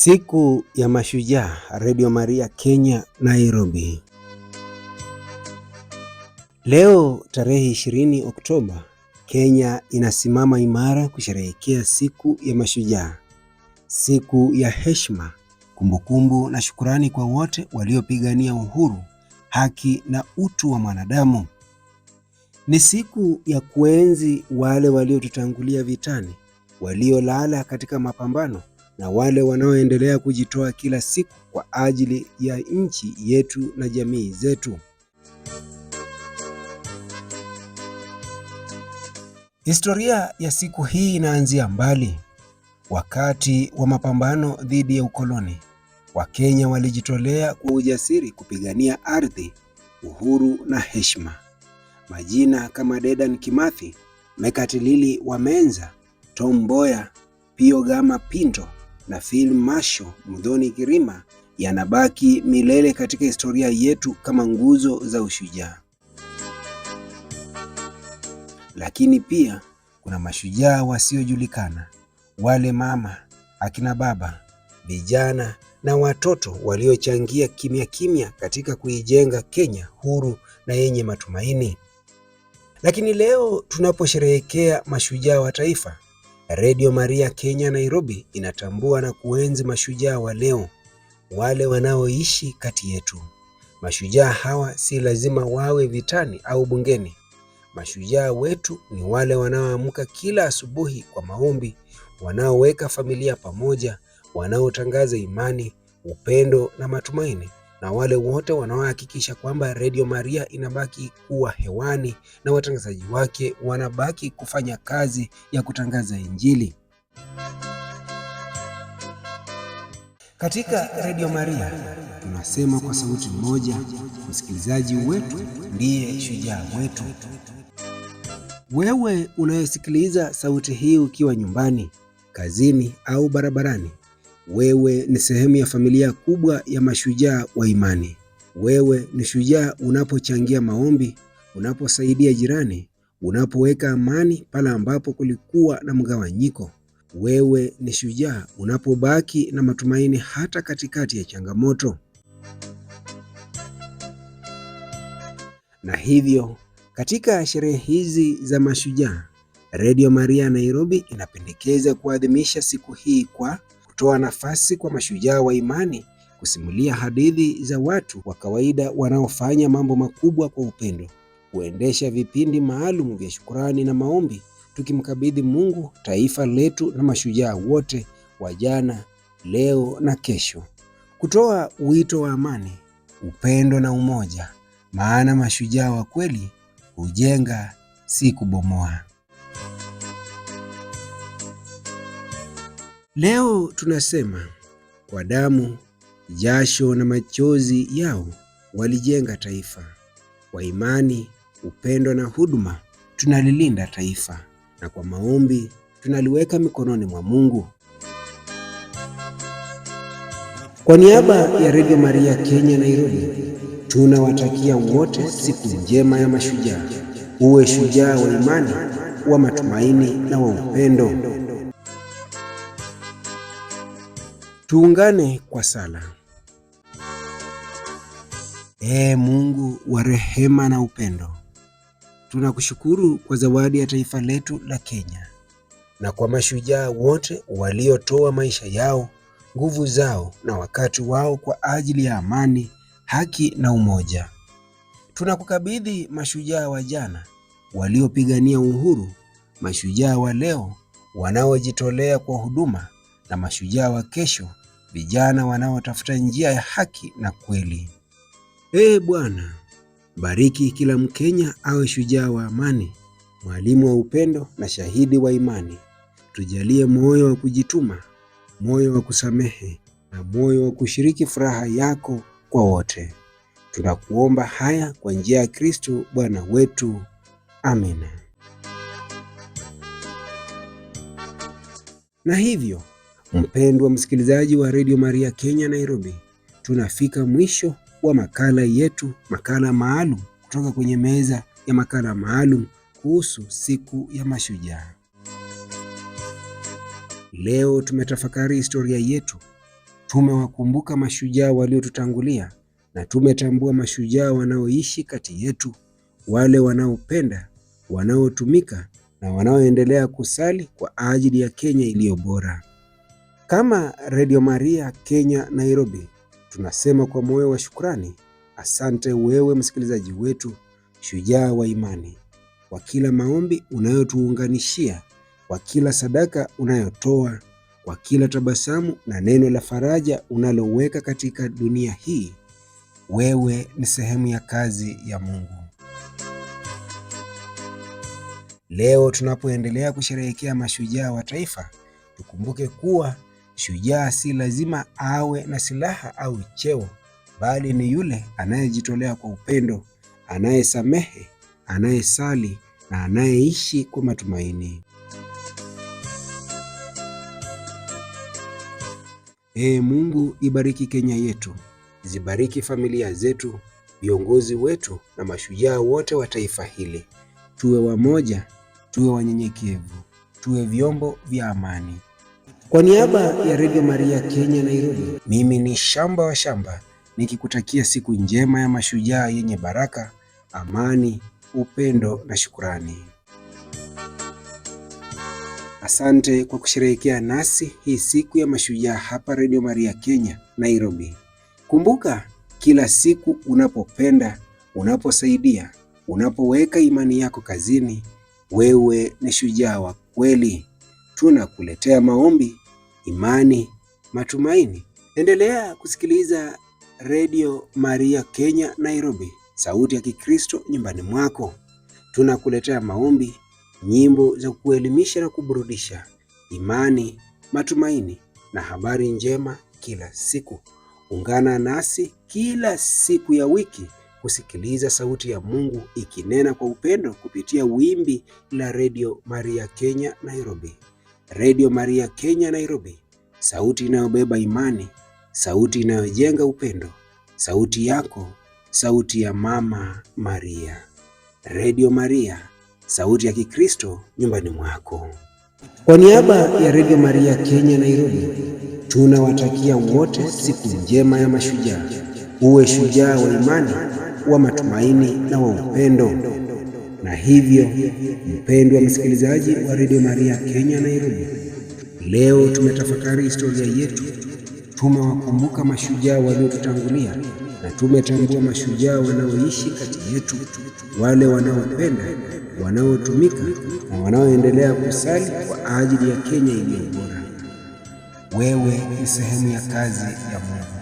Siku ya Mashujaa, Radio Maria Kenya, Nairobi. Leo tarehe 20 Oktoba, Kenya inasimama imara kusherehekea siku ya Mashujaa, siku ya heshima, kumbukumbu na shukurani kwa wote waliopigania uhuru, haki na utu wa mwanadamu. Ni siku ya kuenzi wale waliotutangulia vitani, waliolala katika mapambano na wale wanaoendelea kujitoa kila siku kwa ajili ya nchi yetu na jamii zetu. Historia ya siku hii inaanzia mbali. Wakati wa mapambano dhidi ya ukoloni, Wakenya walijitolea kwa ujasiri kupigania ardhi, uhuru na heshima. Majina kama Dedan Kimathi, Mekatilili wa Menza, Tom Mboya, Piogama Pinto na Phil masho Muthoni Kirima yanabaki milele katika historia yetu kama nguzo za ushujaa. Lakini pia kuna mashujaa wasiojulikana, wale mama, akina baba, vijana na watoto waliochangia kimya kimya katika kuijenga Kenya huru na yenye matumaini. Lakini leo tunaposherehekea mashujaa wa taifa Redio Maria Kenya Nairobi inatambua na kuenzi mashujaa wa leo, wale wanaoishi kati yetu. Mashujaa hawa si lazima wawe vitani au bungeni. Mashujaa wetu ni wale wanaoamka kila asubuhi kwa maombi, wanaoweka familia pamoja, wanaotangaza imani, upendo na matumaini na wale wote wanaohakikisha kwamba Radio Maria inabaki kuwa hewani na watangazaji wake wanabaki kufanya kazi ya kutangaza Injili. Katika Radio Maria tunasema kwa sauti moja, msikilizaji wetu ndiye shujaa wetu. Wewe unayesikiliza sauti hii ukiwa nyumbani, kazini au barabarani, wewe ni sehemu ya familia kubwa ya mashujaa wa imani. Wewe ni shujaa unapochangia maombi, unaposaidia jirani, unapoweka amani pale ambapo kulikuwa na mgawanyiko. Wewe ni shujaa unapobaki na matumaini hata katikati ya changamoto. Na hivyo katika sherehe hizi za mashujaa, Redio Maria Nairobi inapendekeza kuadhimisha siku hii kwa hutoa nafasi kwa mashujaa wa imani kusimulia hadithi za watu wa kawaida wanaofanya mambo makubwa kwa upendo. Huendesha vipindi maalum vya shukurani na maombi, tukimkabidhi Mungu taifa letu na mashujaa wote wa jana, leo na kesho, kutoa wito wa amani, upendo na umoja, maana mashujaa wa kweli hujenga, si kubomoa. Leo tunasema kwa damu, jasho na machozi yao walijenga taifa. Kwa imani, upendo na huduma tunalilinda taifa, na kwa maombi tunaliweka mikononi mwa Mungu. Kwa niaba ya Radio Maria Kenya Nairobi, tunawatakia wote siku njema ya mashujaa. Uwe shujaa wa imani, wa matumaini na wa upendo. Tuungane kwa sala. Ee Mungu wa rehema na upendo, tunakushukuru kwa zawadi ya taifa letu la Kenya na kwa mashujaa wote waliotoa maisha yao, nguvu zao na wakati wao kwa ajili ya amani, haki na umoja. Tunakukabidhi mashujaa wa jana waliopigania uhuru, mashujaa wa leo wanaojitolea kwa huduma na mashujaa wa kesho vijana wanaotafuta njia ya haki na kweli. Ee Bwana, bariki kila Mkenya awe shujaa wa amani, mwalimu wa upendo na shahidi wa imani. Tujalie moyo wa kujituma, moyo wa kusamehe na moyo wa kushiriki furaha yako kwa wote. Tunakuomba haya kwa njia ya Kristo Bwana wetu. Amina. Na hivyo Mpendwa msikilizaji wa Radio Maria Kenya Nairobi, tunafika mwisho wa makala yetu, makala maalum kutoka kwenye meza ya makala maalum kuhusu siku ya mashujaa. Leo tumetafakari historia yetu, tumewakumbuka mashujaa waliotutangulia na tumetambua mashujaa wanaoishi kati yetu, wale wanaopenda, wanaotumika na wanaoendelea kusali kwa ajili ya Kenya iliyo bora. Kama Radio Maria Kenya Nairobi, tunasema kwa moyo wa shukrani, asante wewe msikilizaji wetu, shujaa wa imani, kwa kila maombi unayotuunganishia, kwa kila sadaka unayotoa, kwa kila tabasamu na neno la faraja unaloweka katika dunia hii. Wewe ni sehemu ya kazi ya Mungu. Leo tunapoendelea kusherehekea mashujaa wa taifa, tukumbuke kuwa Shujaa si lazima awe na silaha au cheo, bali ni yule anayejitolea kwa upendo, anayesamehe, anayesali na anayeishi kwa matumaini. Ee Mungu, ibariki Kenya yetu, zibariki familia zetu, viongozi wetu na mashujaa wote wa taifa hili. Tuwe wamoja, tuwe wanyenyekevu, tuwe vyombo vya amani. Kwa niaba ya Radio Maria Kenya Nairobi, mimi ni Shamba wa Shamba nikikutakia siku njema ya mashujaa yenye baraka, amani, upendo na shukurani. Asante kwa kusherehekea nasi hii siku ya mashujaa hapa Radio Maria Kenya Nairobi. Kumbuka kila siku unapopenda, unaposaidia, unapoweka imani yako kazini, wewe ni shujaa wa kweli. Tunakuletea maombi imani, matumaini. Endelea kusikiliza Redio Maria Kenya Nairobi, sauti ya Kikristo nyumbani mwako. Tunakuletea maombi, nyimbo za kuelimisha na kuburudisha, imani, matumaini na habari njema kila siku. Ungana nasi kila siku ya wiki kusikiliza sauti ya Mungu ikinena kwa upendo kupitia wimbi la Redio Maria Kenya Nairobi. Redio Maria Kenya Nairobi, sauti inayobeba imani, sauti inayojenga upendo, sauti yako, sauti ya Mama Maria. Redio Maria, sauti ya Kikristo nyumbani mwako. Kwa niaba ya Redio Maria Kenya Nairobi, tunawatakia wote siku njema ya mashujaa. Uwe shujaa wa imani, wa matumaini na wa upendo. Na hivyo mpendwa msikilizaji wa Radio Maria Kenya Nairobi, leo tumetafakari historia yetu, tumewakumbuka mashujaa waliotutangulia na tumetambua mashujaa wanaoishi kati yetu, wale wanaopenda, wanaotumika na wanaoendelea kusali kwa ajili ya Kenya iliyo bora. Wewe ni sehemu ya kazi ya Mungu.